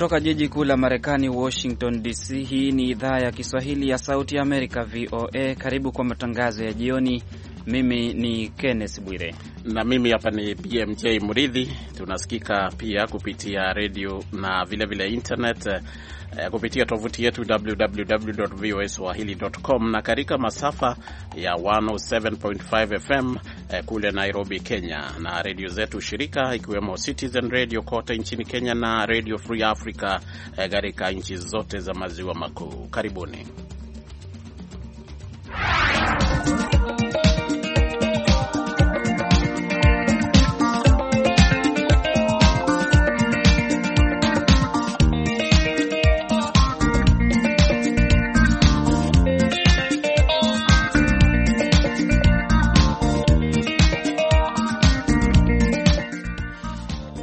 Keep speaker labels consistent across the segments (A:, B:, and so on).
A: Kutoka jiji kuu la Marekani, Washington DC. Hii ni idhaa ya Kiswahili ya Sauti ya Amerika, VOA. Karibu kwa matangazo ya jioni mimi ni
B: Kenneth Bwire na mimi hapa ni BMJ mridhi Tunasikika pia kupitia redio na vilevile vile internet eh, kupitia tovuti yetu www.voaswahili.com na katika masafa ya 107.5 FM eh, kule Nairobi, Kenya, na redio zetu shirika ikiwemo Citizen Radio kote nchini Kenya na Radio Free Africa eh, katika nchi zote za maziwa makuu. Karibuni.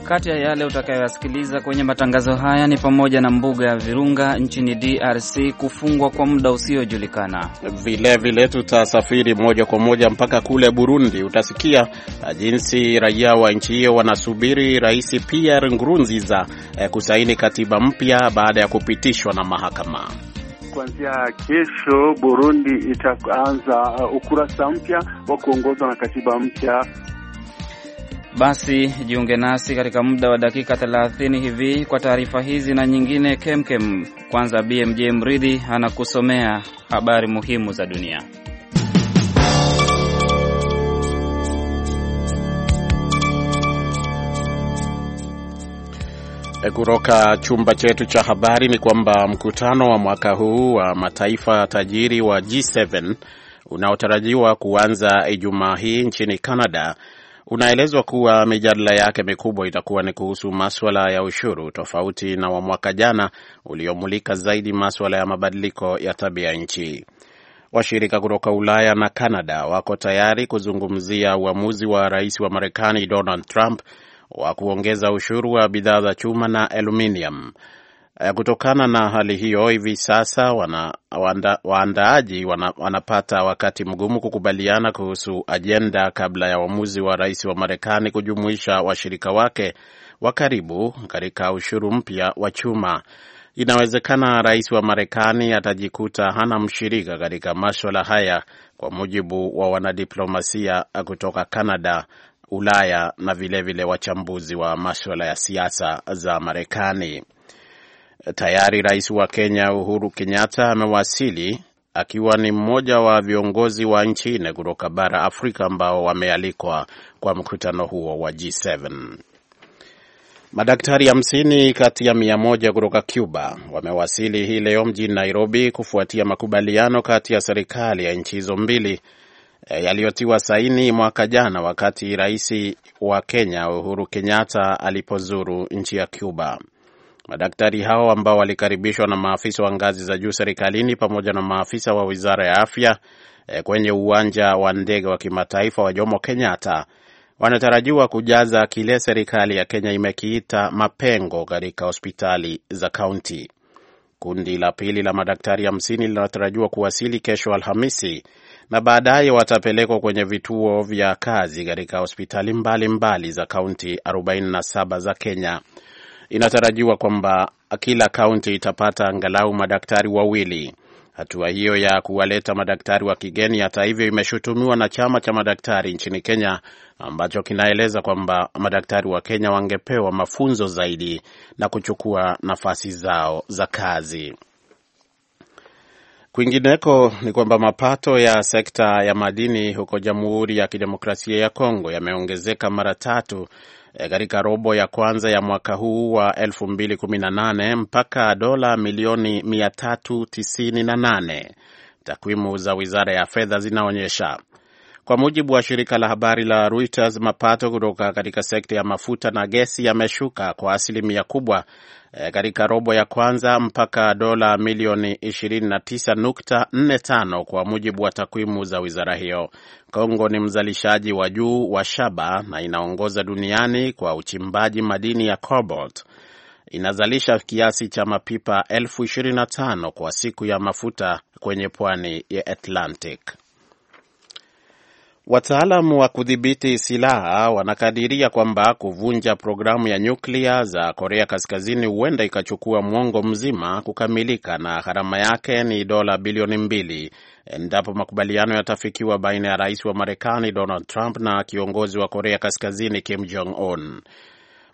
A: Kati ya yale utakayoyasikiliza kwenye matangazo haya ni pamoja na mbuga ya Virunga nchini DRC kufungwa kwa muda
B: usiojulikana. Vilevile tutasafiri moja kwa moja mpaka kule Burundi. Utasikia eh, jinsi raia wa nchi hiyo wanasubiri Rais Pierre Nkurunziza eh, kusaini katiba mpya baada ya kupitishwa na mahakama.
C: Kuanzia kesho Burundi itaanza eh, ukurasa mpya wa kuongozwa na katiba mpya.
A: Basi jiunge nasi katika muda wa dakika 30 hivi kwa taarifa hizi na nyingine kemkem. Kwanza BMJ Mridhi anakusomea habari muhimu za dunia.
B: E, kutoka chumba chetu cha habari ni kwamba mkutano wa mwaka huu wa mataifa tajiri wa G7 unaotarajiwa kuanza Ijumaa hii nchini Canada Unaelezwa kuwa mijadala yake mikubwa itakuwa ni kuhusu maswala ya ushuru, tofauti na wa mwaka jana uliomulika zaidi maswala ya mabadiliko ya tabia nchi. Washirika kutoka Ulaya na Kanada wako tayari kuzungumzia uamuzi wa rais wa Marekani Donald Trump wa kuongeza ushuru wa bidhaa za chuma na aluminium. Eh, kutokana na hali hiyo, hivi sasa wana, wanda, waandaaji wana, wanapata wakati mgumu kukubaliana kuhusu ajenda kabla ya uamuzi wa rais wa Marekani kujumuisha washirika wake wa karibu katika ushuru mpya wa chuma. Inawezekana rais wa Marekani atajikuta hana mshirika katika maswala haya, kwa mujibu wa wanadiplomasia kutoka Kanada, Ulaya na vilevile vile wachambuzi wa maswala ya siasa za Marekani. Tayari rais wa Kenya Uhuru Kenyatta amewasili akiwa ni mmoja wa viongozi wa nchi nne kutoka bara Afrika ambao wamealikwa kwa mkutano huo wa G7. Madaktari hamsini kati ya mia moja kutoka Cuba wamewasili hii leo mjini Nairobi kufuatia makubaliano kati ya serikali ya nchi hizo mbili eh, yaliyotiwa saini mwaka jana wakati rais wa Kenya Uhuru Kenyatta alipozuru nchi ya Cuba. Madaktari hao ambao walikaribishwa na maafisa wa ngazi za juu serikalini pamoja na maafisa wa wizara ya afya e, kwenye uwanja wa ndege wa kimataifa wa Jomo Kenyatta wanatarajiwa kujaza kile serikali ya Kenya imekiita mapengo katika hospitali za kaunti. Kundi la pili la madaktari hamsini linatarajiwa kuwasili kesho Alhamisi na baadaye watapelekwa kwenye vituo vya kazi katika hospitali mbalimbali mbali za kaunti 47 za Kenya inatarajiwa kwamba kila kaunti itapata angalau madaktari wawili. Hatua hiyo ya kuwaleta madaktari wa kigeni, hata hivyo, imeshutumiwa na chama cha madaktari nchini Kenya ambacho kinaeleza kwamba madaktari wa Kenya wangepewa mafunzo zaidi na kuchukua nafasi zao za kazi. Kwingineko ni kwamba mapato ya sekta ya madini huko Jamhuri ya Kidemokrasia ya Kongo yameongezeka mara tatu E, katika robo ya kwanza ya mwaka huu wa 2018 mpaka dola milioni 398, takwimu za Wizara ya Fedha zinaonyesha. Kwa mujibu wa shirika la habari la Reuters, mapato kutoka katika sekta ya mafuta na gesi yameshuka kwa asilimia kubwa e, katika robo ya kwanza mpaka dola milioni 29.45 kwa mujibu wa takwimu za wizara hiyo. Kongo ni mzalishaji wa juu wa shaba na inaongoza duniani kwa uchimbaji madini ya cobalt. Inazalisha kiasi cha mapipa elfu 25 kwa siku ya mafuta kwenye pwani ya Atlantic. Wataalamu wa kudhibiti silaha wanakadiria kwamba kuvunja programu ya nyuklia za Korea Kaskazini huenda ikachukua mwongo mzima kukamilika na gharama yake ni dola bilioni mbili endapo makubaliano yatafikiwa baina ya rais wa Marekani Donald Trump na kiongozi wa Korea Kaskazini Kim Jong Un.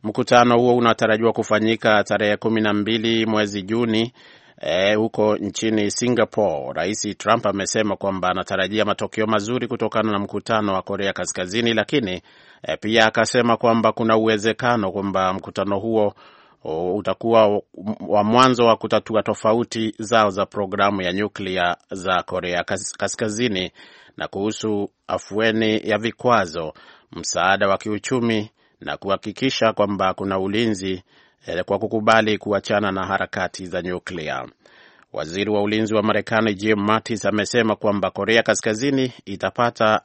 B: Mkutano huo unatarajiwa kufanyika tarehe kumi na mbili mwezi Juni huko eh, huko nchini Singapore, Rais Trump amesema kwamba anatarajia matokeo mazuri kutokana na mkutano wa Korea Kaskazini, lakini e, pia akasema kwamba kuna uwezekano kwamba mkutano huo utakuwa wa mwanzo wa kutatua tofauti zao za programu ya nyuklia za Korea Kaskazini na kuhusu afueni ya vikwazo, msaada wa kiuchumi na kuhakikisha kwamba kuna ulinzi Eh, kwa kukubali kuachana na harakati za nyuklia. Waziri wa ulinzi wa Marekani Jim Mattis amesema kwamba Korea Kaskazini itapata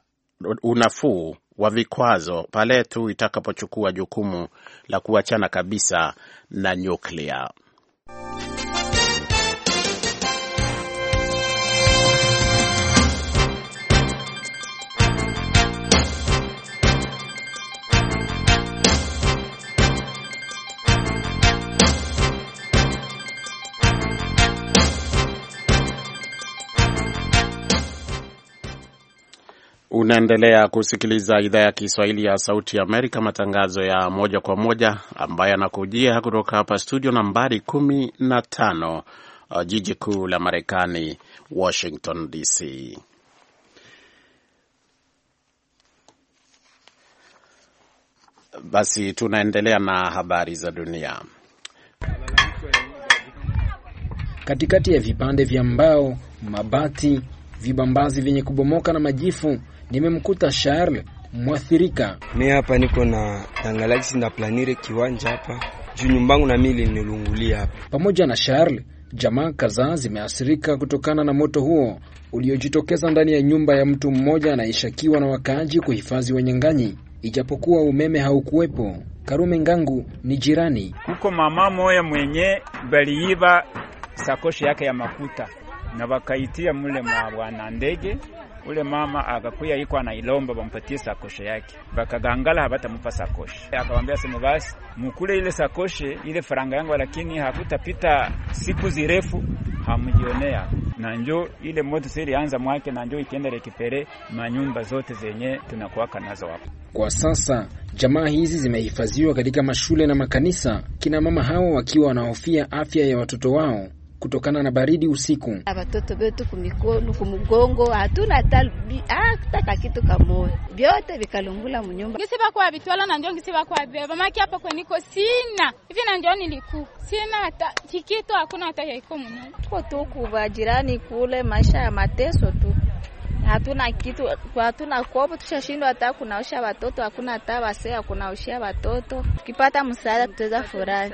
B: unafuu wa vikwazo pale tu itakapochukua jukumu la kuachana kabisa na nyuklia. Unaendelea kusikiliza idhaa ya Kiswahili ya Sauti ya Amerika, matangazo ya moja kwa moja ambayo yanakujia kutoka hapa studio nambari kumi na tano, uh, jiji kuu la Marekani, Washington DC. Basi tunaendelea na habari za dunia.
D: Katikati ya vipande vya mbao, mabati, vibambazi vyenye kubomoka na majifu nimemkuta Charles mwathirika. Mi hapa niko na tangalaji na planire kiwanja hapa juu nyumbangu na mimi nililungulia hapa pamoja na Charles. Jamaa kadhaa zimeathirika kutokana na moto huo uliojitokeza ndani ya nyumba ya mtu mmoja anayeshakiwa na wakaaji kuhifadhi wanyang'anyi, ijapokuwa umeme haukuwepo. Karume Ngangu ni jirani huko, mama moya mwenye baliiba sakoshi yake ya makuta na wakaitia mule mwa bwana ndege ule mama akakuya iko anailomba bampatie sakoshe yake, bakagangala habatamupa sakoshe. Akamwambia sema basi mukule ile sakoshe ile faranga yangu, lakini hakutapita siku zirefu hamjionea na njo ile moto siri anza mwake na njo ikienda rekipere manyumba zote zenye tunakuwaka nazo hapo. Kwa sasa jamaa hizi zimehifadhiwa katika mashule na makanisa, kina mama hao wakiwa wanahofia afya ya watoto wao kutokana na baridi usiku.
E: Watoto wetu kumikono kumgongo, hatuna hata ah, kakitu kitu vyote vikalungula mnyumba
F: ngisiba kwa vitwala na ndio ngisiba kwa beba maki hapa kweniko sina hivi na ndio niliku sina hata kikitu, hakuna hata yaiko mnyumba tuko tu kwa jirani kule, maisha ya mateso tu hatuna kitu, hatuna kopo, tushashindwa hata kunaosha
E: watoto, hakuna hata wasee akunaoshia watoto. Tukipata msaada tutaweza furahi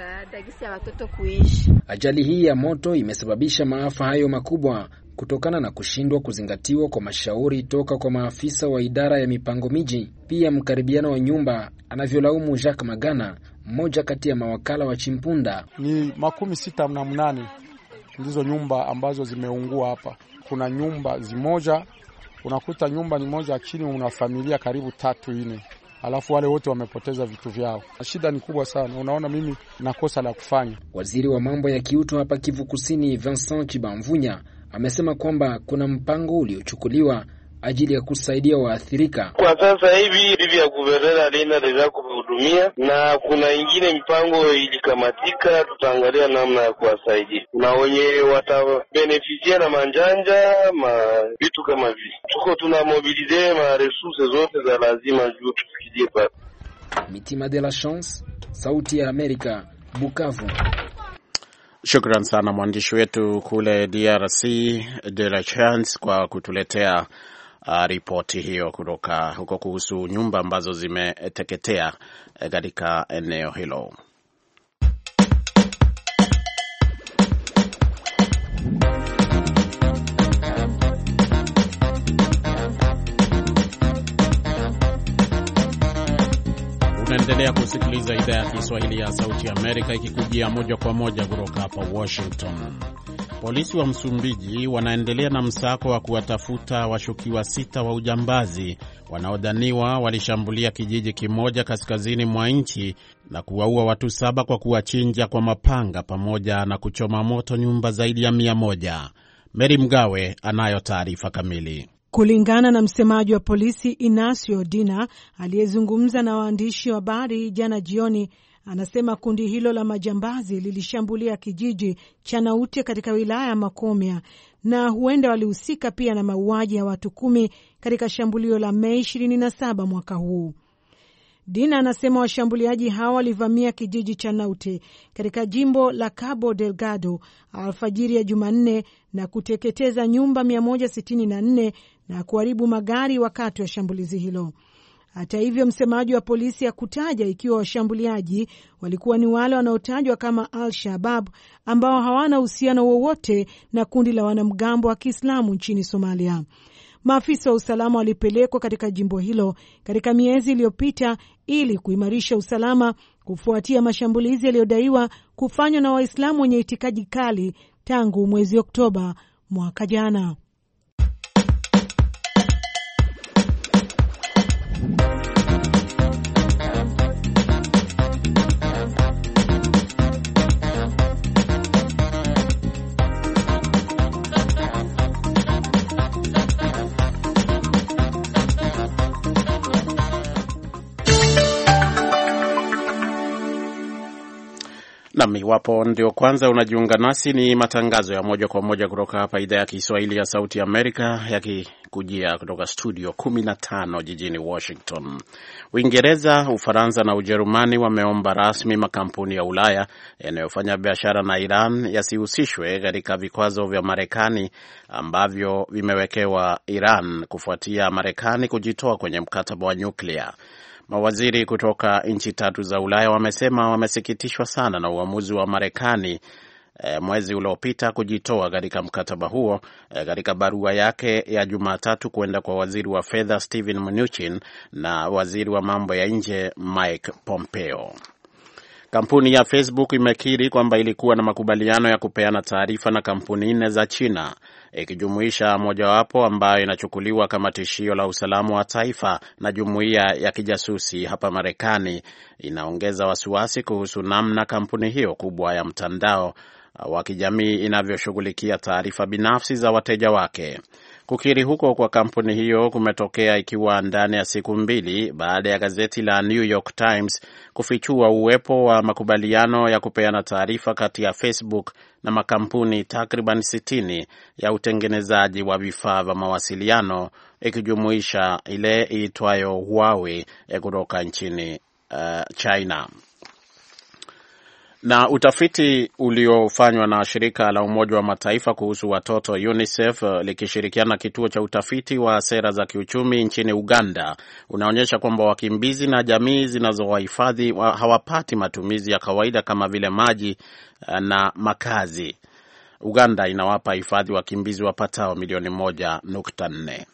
E: watoto kuishi.
D: Ajali hii ya moto imesababisha maafa hayo makubwa kutokana na kushindwa kuzingatiwa kwa mashauri toka kwa maafisa wa idara ya mipango miji, pia mkaribiano wa nyumba, anavyolaumu Jacques Magana, mmoja kati ya mawakala wa Chimpunda. Ni makumi sita na mnane ndizo nyumba ambazo zimeungua hapa.
G: Kuna nyumba zimoja unakuta nyumba ni moja chini, una familia karibu tatu ine
D: alafu wale wote wamepoteza vitu vyao. Shida ni kubwa sana, unaona mimi na kosa la kufanya. Waziri wa mambo ya kiutu hapa Kivu Kusini, Vincent Chibamvunya, amesema kwamba kuna mpango uliochukuliwa ajili ya kusaidia waathirika. Kwa sasa
A: hivi hivi ya guvernera alienda deja kuhudumia, na kuna ingine mipango ilikamatika,
C: tutaangalia namna ya kuwasaidia. na wenye watabenefisia na manjanja ma vitu kama vile, tuko tuna mobilize ma resources zote za lazima juu
D: tufikirie pa Mitima de la Chance, Sauti ya Amerika, Bukavu.
B: Shukran sana mwandishi wetu kule DRC de la Chance kwa kutuletea uh, ripoti hiyo kutoka huko kuhusu nyumba ambazo zimeteketea eh, katika eneo hilo. Unaendelea kusikiliza idhaa ya Kiswahili ya Sauti Amerika ikikujia moja kwa moja kutoka hapa Washington. Polisi wa Msumbiji wanaendelea na msako wa kuwatafuta washukiwa sita wa ujambazi wanaodhaniwa walishambulia kijiji kimoja kaskazini mwa nchi na kuwaua watu saba kwa kuwachinja kwa mapanga pamoja na kuchoma moto nyumba zaidi ya mia moja. Meri Mgawe anayo taarifa kamili.
F: Kulingana na msemaji wa polisi inasio Dina aliyezungumza na waandishi wa habari jana jioni, Anasema kundi hilo la majambazi lilishambulia kijiji cha Naute katika wilaya ya Makomia na huenda walihusika pia na mauaji ya watu kumi katika shambulio la Mei 27 mwaka huu. Dina anasema washambuliaji hawa walivamia kijiji cha Naute katika jimbo la Cabo Delgado alfajiri ya Jumanne na kuteketeza nyumba 164 na kuharibu magari wakati wa shambulizi hilo. Hata hivyo, msemaji wa polisi hakutaja ikiwa washambuliaji walikuwa ni wale wanaotajwa kama Al-Shabab ambao hawana uhusiano wowote na kundi la wanamgambo wa Kiislamu nchini Somalia. Maafisa wa usalama walipelekwa katika jimbo hilo katika miezi iliyopita ili kuimarisha usalama kufuatia mashambulizi yaliyodaiwa kufanywa na Waislamu wenye itikadi kali tangu mwezi Oktoba mwaka jana.
B: Nam, iwapo ndio kwanza unajiunga nasi, ni matangazo ya moja kwa moja kutoka hapa idhaa ya Kiswahili ya Sauti Amerika yakikujia kutoka studio 15 jijini Washington. Uingereza, Ufaransa na Ujerumani wameomba rasmi makampuni ya Ulaya yanayofanya biashara na Iran yasihusishwe katika vikwazo vya Marekani ambavyo vimewekewa Iran kufuatia Marekani kujitoa kwenye mkataba wa nyuklia. Mawaziri kutoka nchi tatu za Ulaya wamesema wamesikitishwa sana na uamuzi wa Marekani eh, mwezi uliopita kujitoa katika mkataba huo. Eh, katika barua yake ya Jumatatu kwenda kwa waziri wa fedha Steven Mnuchin na waziri wa mambo ya nje Mike Pompeo. Kampuni ya Facebook imekiri kwamba ilikuwa na makubaliano ya kupeana taarifa na kampuni nne za China ikijumuisha mojawapo ambayo inachukuliwa kama tishio la usalama wa taifa na jumuiya ya kijasusi hapa Marekani inaongeza wasiwasi kuhusu namna kampuni hiyo kubwa ya mtandao wa kijamii inavyoshughulikia taarifa binafsi za wateja wake. Kukiri huko kwa kampuni hiyo kumetokea ikiwa ndani ya siku mbili baada ya gazeti la New York Times kufichua uwepo wa makubaliano ya kupeana taarifa kati ya Facebook na makampuni takriban 60 ya utengenezaji wa vifaa vya mawasiliano ikijumuisha ile iitwayo Huawei eh, kutoka nchini uh, China. Na utafiti uliofanywa na shirika la Umoja wa Mataifa kuhusu watoto UNICEF eh, likishirikiana na kituo cha utafiti wa sera za kiuchumi nchini Uganda unaonyesha kwamba wakimbizi na jamii zinazowahifadhi hawapati matumizi ya kawaida kama vile maji eh, na makazi. Uganda inawapa hifadhi wakimbizi wapatao milioni moja nukta nne.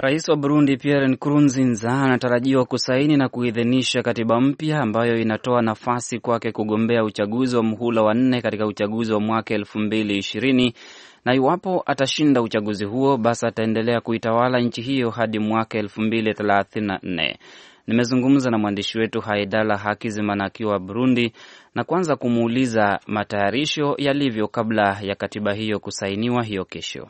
A: Rais wa Burundi Pierre Nkurunziza anatarajiwa kusaini na kuidhinisha katiba mpya ambayo inatoa nafasi kwake kugombea uchaguzi wa muhula wa nne katika uchaguzi wa mwaka elfu mbili ishirini na iwapo atashinda uchaguzi huo, basi ataendelea kuitawala nchi hiyo hadi mwaka elfu mbili thelathini na nne. Nimezungumza na mwandishi wetu Haidala Hakizimana akiwa Burundi na kwanza kumuuliza matayarisho yalivyo kabla ya katiba hiyo kusainiwa hiyo kesho.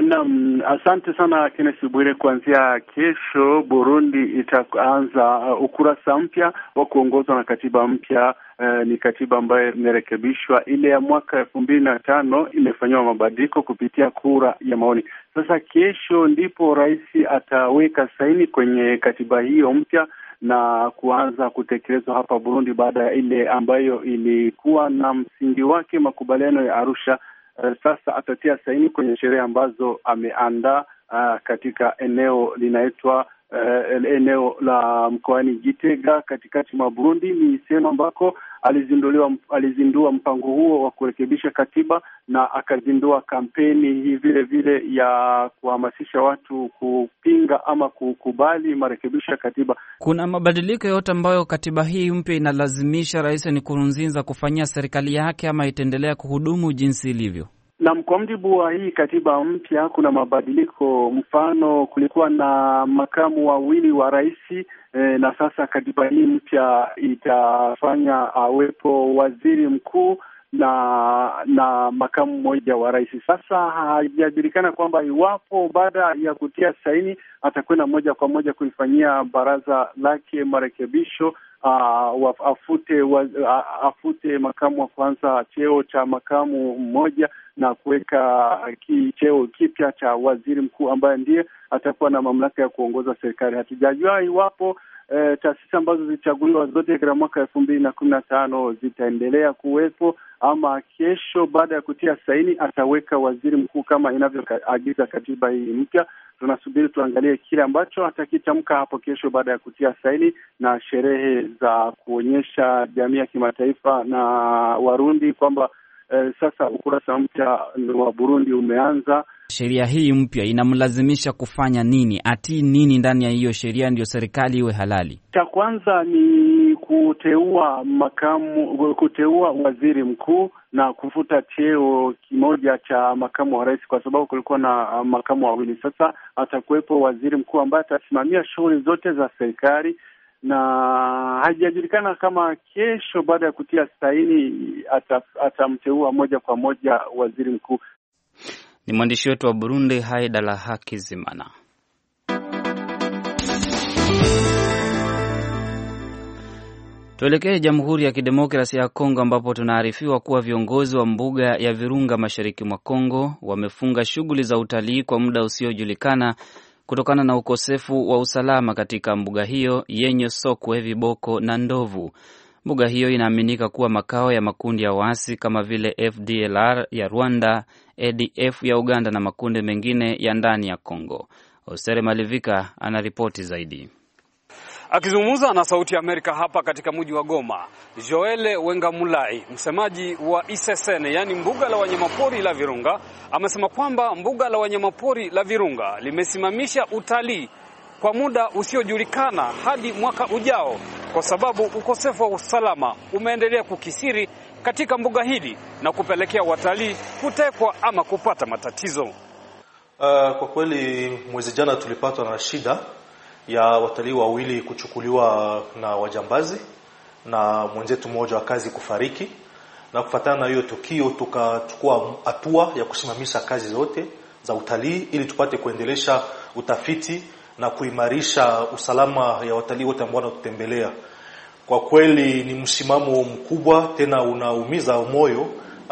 C: Naam, asante sana Kenneth Bwire. Kuanzia kesho, Burundi itaanza uh, ukurasa mpya wa kuongozwa na katiba mpya. Uh, ni katiba ambayo imerekebishwa. Ile ya mwaka elfu mbili na tano imefanyiwa mabadiliko kupitia kura ya maoni. Sasa kesho ndipo rais ataweka saini kwenye katiba hiyo mpya na kuanza kutekelezwa hapa Burundi, baada ya ile ambayo ilikuwa na msingi wake makubaliano ya Arusha Eh, sasa atatia saini kwenye sherehe ambazo ameandaa uh, katika eneo linaitwa uh, eneo la mkoani Gitega katikati mwa Burundi. Ni sehemu ambako alizinduliwa alizindua mpango huo wa kurekebisha katiba na akazindua kampeni hii vile vile ya kuhamasisha watu kupinga ama kukubali marekebisho ya katiba. Kuna
A: mabadiliko yote ambayo katiba hii mpya inalazimisha Rais Nkurunziza kufanyia serikali yake ama itaendelea kuhudumu jinsi ilivyo?
C: Naam, kwa mjibu wa hii katiba mpya kuna mabadiliko. Mfano, kulikuwa na makamu wawili wa rais e, na sasa katiba hii mpya itafanya awepo waziri mkuu na na makamu mmoja wa rais. Sasa haijajulikana kwamba iwapo baada ya kutia saini atakwenda moja kwa moja kuifanyia baraza lake marekebisho Uh, afute, uh, afute makamu wa kwanza cheo cha makamu mmoja na kuweka ki, cheo kipya cha waziri mkuu ambaye ndiye atakuwa na mamlaka ya kuongoza serikali. Hatujajua iwapo e, taasisi ambazo zilichaguliwa zote katika mwaka elfu mbili na kumi na tano zitaendelea kuwepo, ama kesho baada ya kutia saini ataweka waziri mkuu kama inavyoagiza katiba hii mpya. Tunasubiri tuangalie kile ambacho atakitamka hapo kesho baada ya kutia saini, na sherehe za kuonyesha jamii ya kimataifa na Warundi kwamba e, sasa ukurasa mpya wa Burundi umeanza.
A: Sheria hii mpya inamlazimisha kufanya nini? Atii nini ndani ya hiyo sheria ndiyo serikali iwe halali?
C: Cha kwanza ni kuteua makamu, kuteua waziri mkuu na kufuta cheo kimoja cha makamu wa rais, kwa sababu kulikuwa na ah, makamu wawili. Sasa atakuwepo waziri mkuu ambaye atasimamia shughuli zote za serikali na haijajulikana kama kesho baada ya kutia saini atamteua moja kwa moja waziri mkuu.
A: Ni mwandishi wetu wa Burundi, Haidala Hakizimana. Tuelekee Jamhuri ya Kidemokrasia ya Kongo ambapo tunaarifiwa kuwa viongozi wa mbuga ya Virunga mashariki mwa Kongo wamefunga shughuli za utalii kwa muda usiojulikana kutokana na ukosefu wa usalama katika mbuga hiyo yenye sokwe, viboko na ndovu. Mbuga hiyo inaaminika kuwa makao ya makundi ya waasi kama vile FDLR ya Rwanda, ADF ya Uganda na makundi mengine ya ndani ya congo Osere Malivika anaripoti zaidi.
H: Akizungumza na Sauti ya Amerika hapa katika mji wa Goma, Joele Wengamulai, msemaji wa ISSN, yaani mbuga la wanyamapori la Virunga, amesema kwamba mbuga la wanyamapori la Virunga limesimamisha utalii kwa muda usiojulikana hadi mwaka ujao, kwa sababu ukosefu wa usalama umeendelea kukisiri katika mbuga hili na kupelekea watalii kutekwa ama kupata matatizo. Uh,
I: kwa kweli mwezi jana tulipatwa na shida ya watalii wawili kuchukuliwa na wajambazi na mwenzetu mmoja wa kazi kufariki, na kufuatana na hiyo tukio tukachukua hatua ya kusimamisha kazi zote za utalii ili tupate kuendelesha utafiti na kuimarisha usalama ya watalii wote ambao wanatutembelea. Kwa kweli ni msimamo mkubwa tena unaumiza moyo,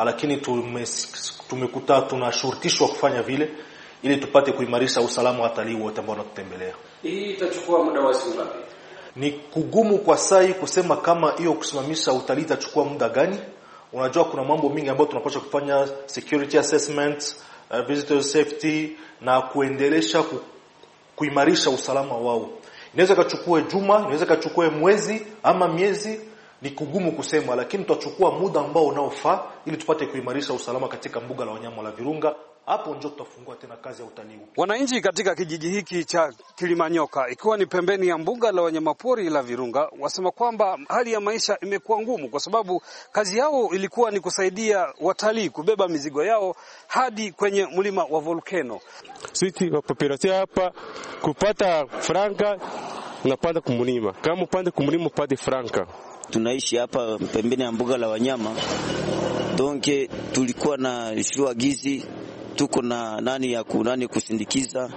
I: lakini tumekuta tunashurutishwa kufanya vile ili tupate kuimarisha usalama wa watalii wote ambao wanatutembelea.
H: Hii itachukua muda wa siku ngapi?
I: Ni kugumu kwa sai kusema kama hiyo kusimamisha utalii itachukua muda gani. Unajua kuna mambo mingi ambayo tunapaswa kufanya security assessment, uh, visitor safety na kuendelesha kuimarisha usalama wao. Inaweza kachukue juma, inaweza kachukue mwezi ama miezi, ni kugumu kusema, lakini tutachukua muda ambao unaofaa ili tupate kuimarisha usalama katika mbuga la wanyama la Virunga hapo ndio tutafungua tena kazi ya utalii. Wananchi
H: katika kijiji hiki cha Kilimanyoka, ikiwa ni pembeni ya mbuga la wanyamapori la Virunga, wasema kwamba hali ya maisha imekuwa ngumu, kwa sababu kazi yao ilikuwa ni kusaidia watalii kubeba mizigo yao hadi kwenye mlima wa volcano.
I: Sisi wapoperasi hapa kupata franka, unapanda kumlima, kama upande
B: kumlima upate franka. Tunaishi hapa pembeni ya mbuga la wanyama donke,
A: tulikuwa na shua gizi tuko na nani ya kunani kusindikiza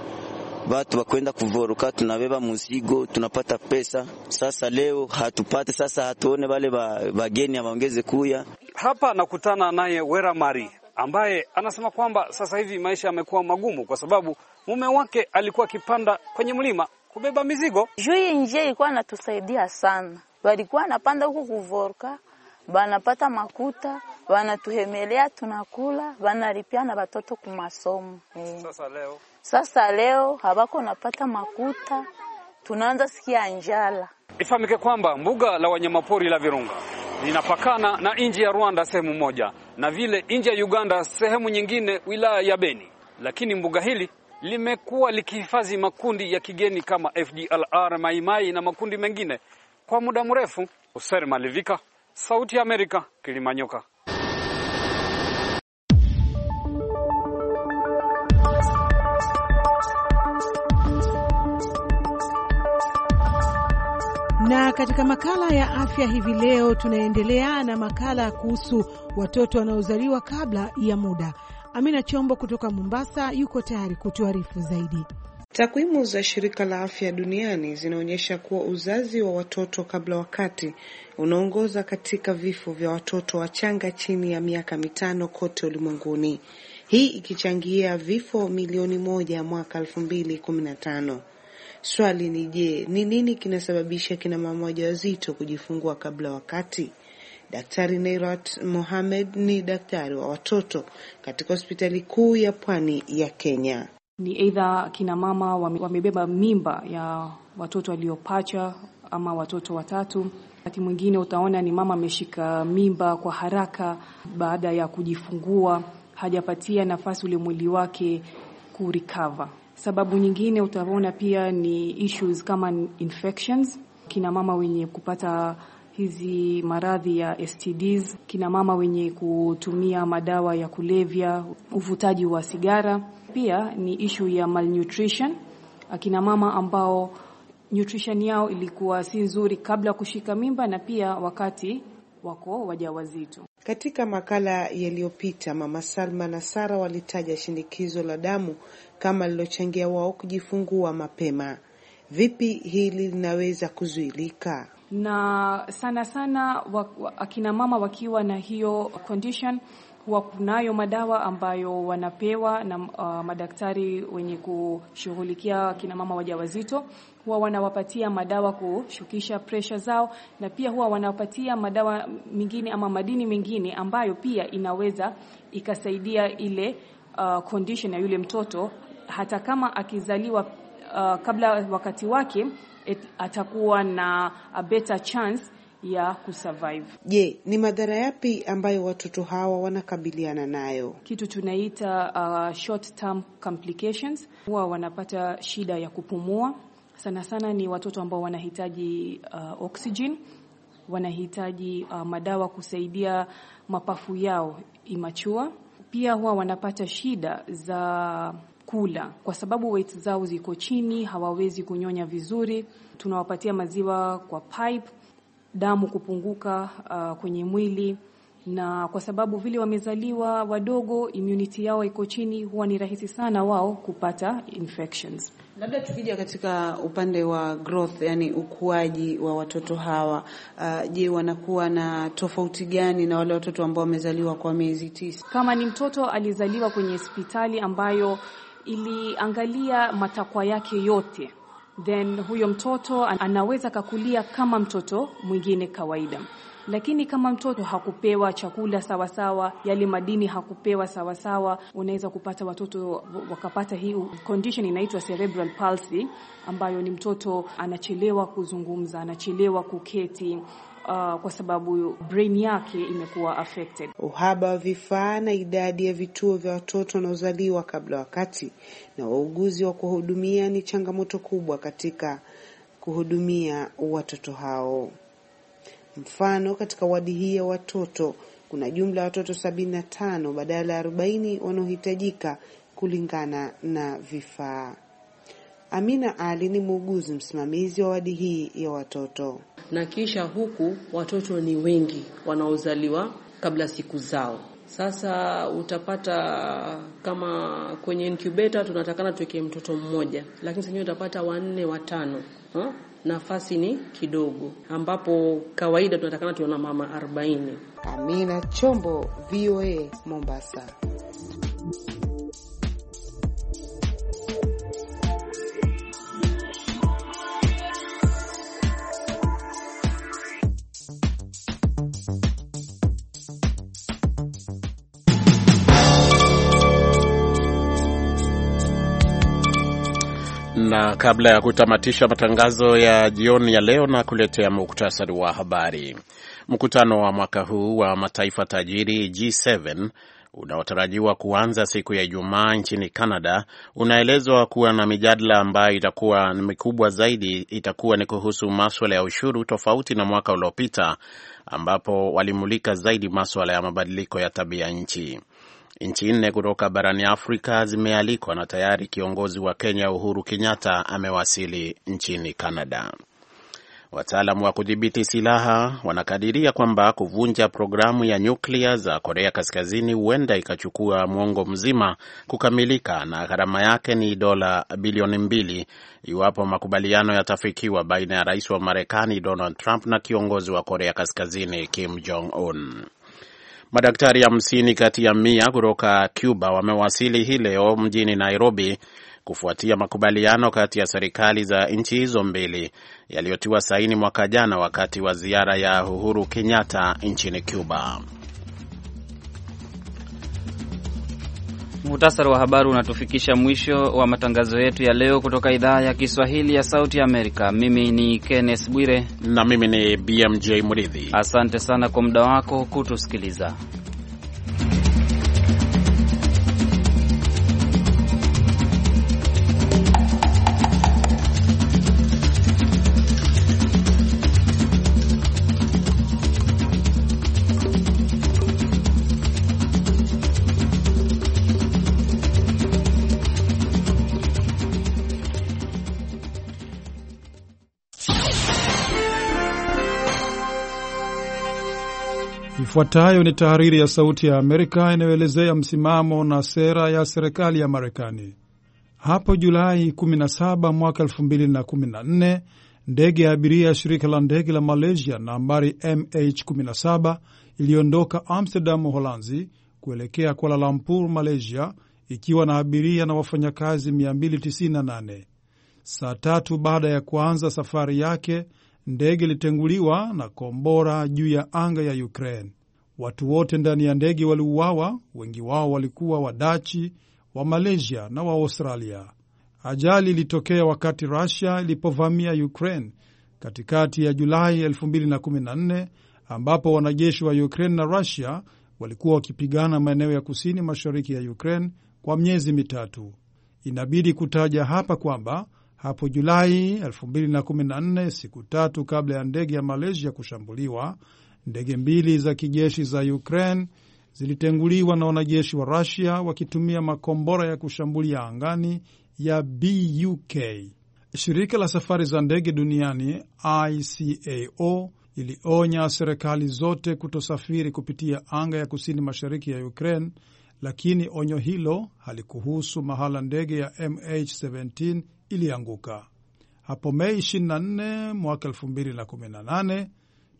A: batu bakwenda kuvoroka, tunabeba muzigo, tunapata pesa. Sasa leo hatupate, sasa hatuone wale bageni awaongeze kuya
H: hapa. Nakutana naye Wera Mari ambaye anasema kwamba sasa hivi maisha yamekuwa magumu kwa sababu mume wake alikuwa akipanda kwenye mlima kubeba mizigo
E: juu. Hii njia ilikuwa inatusaidia sana, walikuwa anapanda huko kuvoruka banapata makuta, wanatuhemelea tunakula, wanalipia na watoto kumasomo eh. Sasa leo, sasa leo habako napata makuta, tunaanza sikia njala.
H: Ifahamike kwamba mbuga la wanyamapori la Virunga linapakana na nchi ya Rwanda sehemu moja na vile nchi ya Uganda sehemu nyingine, wilaya ya Beni, lakini mbuga hili limekuwa likihifadhi makundi ya kigeni kama FDLR, Maimai na makundi mengine kwa muda mrefu. hoser Malivika, Sauti ya Amerika, Kilimanyoka.
F: Na katika makala ya afya hivi leo tunaendelea na makala kuhusu watoto wanaozaliwa kabla ya muda. Amina Chombo kutoka Mombasa yuko tayari kutuarifu zaidi.
J: Takwimu za shirika la afya duniani zinaonyesha kuwa uzazi wa watoto kabla wakati unaongoza katika vifo vya watoto wachanga chini ya miaka mitano kote ulimwenguni, hii ikichangia vifo milioni moja mwaka elfu mbili kumi na tano. Swali ni je, ni nini kinasababisha kina mama wajawazito kujifungua kabla wakati? Daktari Nairat Mohamed ni daktari wa watoto katika hospitali kuu ya pwani ya Kenya
E: ni aidha kina mama wamebeba mimba ya watoto waliopacha ama watoto watatu. Wakati mwingine utaona ni mama ameshika mimba kwa haraka baada ya kujifungua, hajapatia nafasi ule mwili wake kurecover. Sababu nyingine utaona pia ni issues kama infections, kina mama wenye kupata hizi maradhi ya STDs, kina mama wenye kutumia madawa ya kulevya, uvutaji wa sigara. Pia ni ishu ya malnutrition, akina mama ambao nutrition yao ilikuwa si nzuri kabla kushika mimba na pia wakati wako wajawazito.
J: Katika makala yaliyopita, Mama Salma na Sara walitaja shinikizo la damu kama lilochangia wao kujifungua mapema. Vipi hili linaweza kuzuilika?
E: na sana sana akina mama wakiwa na hiyo condition huwa kunayo madawa ambayo wanapewa na uh, madaktari wenye kushughulikia akina mama wajawazito huwa wanawapatia madawa kushukisha presha zao, na pia huwa wanawapatia madawa mengine ama madini mengine ambayo pia inaweza ikasaidia ile uh, condition ya yule mtoto hata kama akizaliwa uh, kabla wakati wake atakuwa na a better chance ya kusurvive.
J: Je, ni madhara yapi ambayo watoto hawa wanakabiliana nayo?
E: Kitu tunaita uh, short term complications. Huwa wanapata shida ya kupumua, sana sana ni watoto ambao wanahitaji uh, oxygen, wanahitaji uh, madawa kusaidia mapafu yao imachua. Pia huwa wanapata shida za kula, kwa sababu weight zao ziko chini, hawawezi kunyonya vizuri. Tunawapatia maziwa kwa pipe, damu kupunguka uh, kwenye mwili na kwa sababu vile wamezaliwa wadogo, immunity yao iko chini, huwa ni rahisi sana wao kupata infections.
J: Labda tukija katika upande wa growth, yani ukuaji wa watoto hawa uh, je, wanakuwa na tofauti gani na wale watoto ambao wamezaliwa kwa miezi
E: tisa? Kama ni mtoto alizaliwa kwenye hospitali ambayo iliangalia matakwa yake yote, then huyo mtoto anaweza kakulia kama mtoto mwingine kawaida lakini kama mtoto hakupewa chakula sawasawa, yale madini hakupewa sawasawa, unaweza kupata watoto wakapata hii condition inaitwa cerebral palsy, ambayo ni mtoto anachelewa kuzungumza, anachelewa kuketi, uh, kwa sababu brain yake imekuwa affected.
J: Uhaba wa vifaa na idadi ya vituo vya watoto wanaozaliwa kabla wakati na wauguzi wa kuhudumia ni changamoto kubwa katika kuhudumia watoto hao. Mfano, katika wadi hii ya watoto kuna jumla ya watoto 75 badala ya 40 wanaohitajika kulingana na vifaa. Amina Ali ni muuguzi msimamizi wa wadi hii ya watoto. Na
F: kisha huku watoto ni wengi wanaozaliwa kabla siku zao. Sasa utapata kama kwenye incubator tunatakana tuweke mtoto mmoja, lakini senyewe utapata wanne watano ha? Nafasi ni kidogo, ambapo kawaida tunatakana tuona mama 40.
J: Amina Chombo, VOA Mombasa.
B: Na kabla ya kutamatisha matangazo ya jioni ya leo na kuletea muktasari wa habari, mkutano wa mwaka huu wa mataifa tajiri G7 unaotarajiwa kuanza siku ya Ijumaa nchini Canada unaelezwa kuwa na mijadala ambayo itakuwa mikubwa zaidi. Itakuwa ni kuhusu maswala ya ushuru, tofauti na mwaka uliopita ambapo walimulika zaidi maswala ya mabadiliko ya tabia nchi. Nchi nne kutoka barani Afrika zimealikwa na tayari kiongozi wa Kenya Uhuru Kenyatta amewasili nchini Canada. Wataalamu wa kudhibiti silaha wanakadiria kwamba kuvunja programu ya nyuklia za Korea Kaskazini huenda ikachukua mwongo mzima kukamilika na gharama yake ni dola bilioni mbili iwapo makubaliano yatafikiwa baina ya rais wa Marekani Donald Trump na kiongozi wa Korea Kaskazini Kim Jong Un. Madaktari hamsini kati ya mia kutoka Cuba wamewasili hii leo mjini Nairobi kufuatia makubaliano kati ya serikali za nchi hizo mbili yaliyotiwa saini mwaka jana wakati wa ziara ya Uhuru Kenyatta nchini Cuba.
A: Muhtasari wa habari unatufikisha mwisho wa matangazo yetu ya leo kutoka idhaa ya Kiswahili ya Sauti ya Amerika. Mimi ni Kenneth Bwire na mimi ni BMJ mridhi Asante sana kwa muda wako kutusikiliza.
G: Ifuatayo ni tahariri ya Sauti ya Amerika inayoelezea msimamo na sera ya serikali ya Marekani. Hapo Julai 17 mwaka 2014 ndege ya abiria ya shirika la ndege la Malaysia nambari MH17 iliondoka Amsterdam, Uholanzi, kuelekea Kuala Lumpur, Malaysia, ikiwa na abiria na wafanyakazi 298. Saa tatu baada ya kuanza safari yake, ndege ilitenguliwa na kombora juu ya anga ya Ukraine. Watu wote ndani ya ndege waliuawa, wengi wao walikuwa Wadachi, wa Malaysia na wa Australia. Ajali ilitokea wakati Rusia ilipovamia Ukraine katikati ya Julai 2014 ambapo wanajeshi wa Ukraine na Rusia walikuwa wakipigana maeneo ya kusini mashariki ya Ukraine kwa miezi mitatu. Inabidi kutaja hapa kwamba hapo Julai 2014, siku tatu kabla ya ndege ya Malaysia kushambuliwa, Ndege mbili za kijeshi za Ukraine zilitenguliwa na wanajeshi wa Rusia wakitumia makombora ya kushambulia angani ya Buk. Shirika la safari za ndege duniani ICAO ilionya serikali zote kutosafiri kupitia anga ya kusini mashariki ya Ukraine, lakini onyo hilo halikuhusu mahala ndege ya MH17 ilianguka hapo Mei 24 mwaka 2018.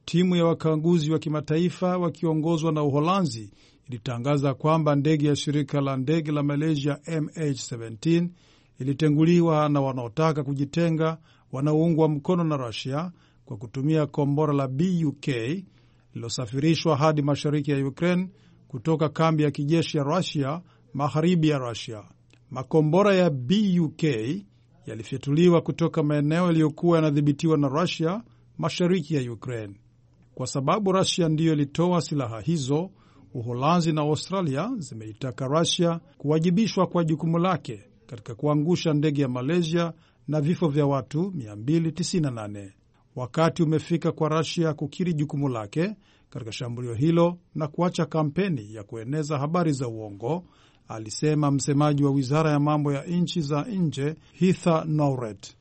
G: Timu ya wakaguzi wa kimataifa wakiongozwa na Uholanzi ilitangaza kwamba ndege ya shirika la ndege la Malaysia MH17 ilitenguliwa na wanaotaka kujitenga wanaoungwa mkono na Rusia kwa kutumia kombora la Buk lililosafirishwa hadi mashariki ya Ukraine kutoka kambi ya kijeshi ya Rusia magharibi ya Rusia. Makombora ya Buk yalifyatuliwa kutoka maeneo yaliyokuwa yanadhibitiwa na Rusia mashariki ya Ukraine. Kwa sababu Rasia ndiyo ilitoa silaha hizo, Uholanzi na Australia zimeitaka Rasia kuwajibishwa kwa jukumu lake katika kuangusha ndege ya Malaysia na vifo vya watu 298. Wakati umefika kwa Rasia kukiri jukumu lake katika shambulio hilo na kuacha kampeni ya kueneza habari za uongo, alisema msemaji wa wizara ya mambo ya nchi za nje Hitha Nouret.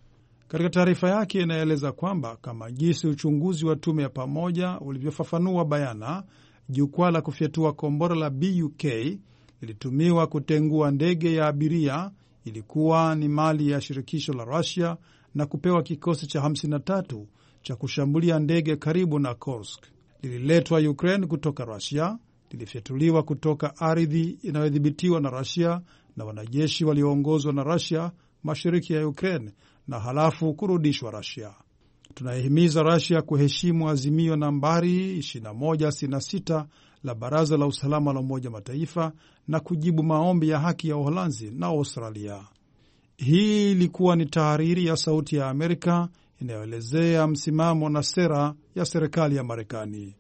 G: Katika taarifa yake inaeleza kwamba kama jinsi uchunguzi wa tume ya pamoja ulivyofafanua bayana, jukwaa la kufyatua kombora la BUK lilitumiwa kutengua ndege ya abiria, ilikuwa ni mali ya shirikisho la Rusia na kupewa kikosi cha 53 cha kushambulia ndege karibu na Kursk. Lililetwa Ukraine kutoka Rusia, lilifyatuliwa kutoka ardhi inayodhibitiwa na Rusia na wanajeshi walioongozwa na Rusia mashariki ya Ukraine na halafu kurudishwa Rasia. Tunaihimiza Rasia kuheshimu azimio nambari 2166 la Baraza la Usalama la Umoja Mataifa na kujibu maombi ya haki ya Uholanzi na Australia. Hii ilikuwa ni tahariri ya Sauti ya Amerika inayoelezea msimamo na sera ya serikali ya Marekani.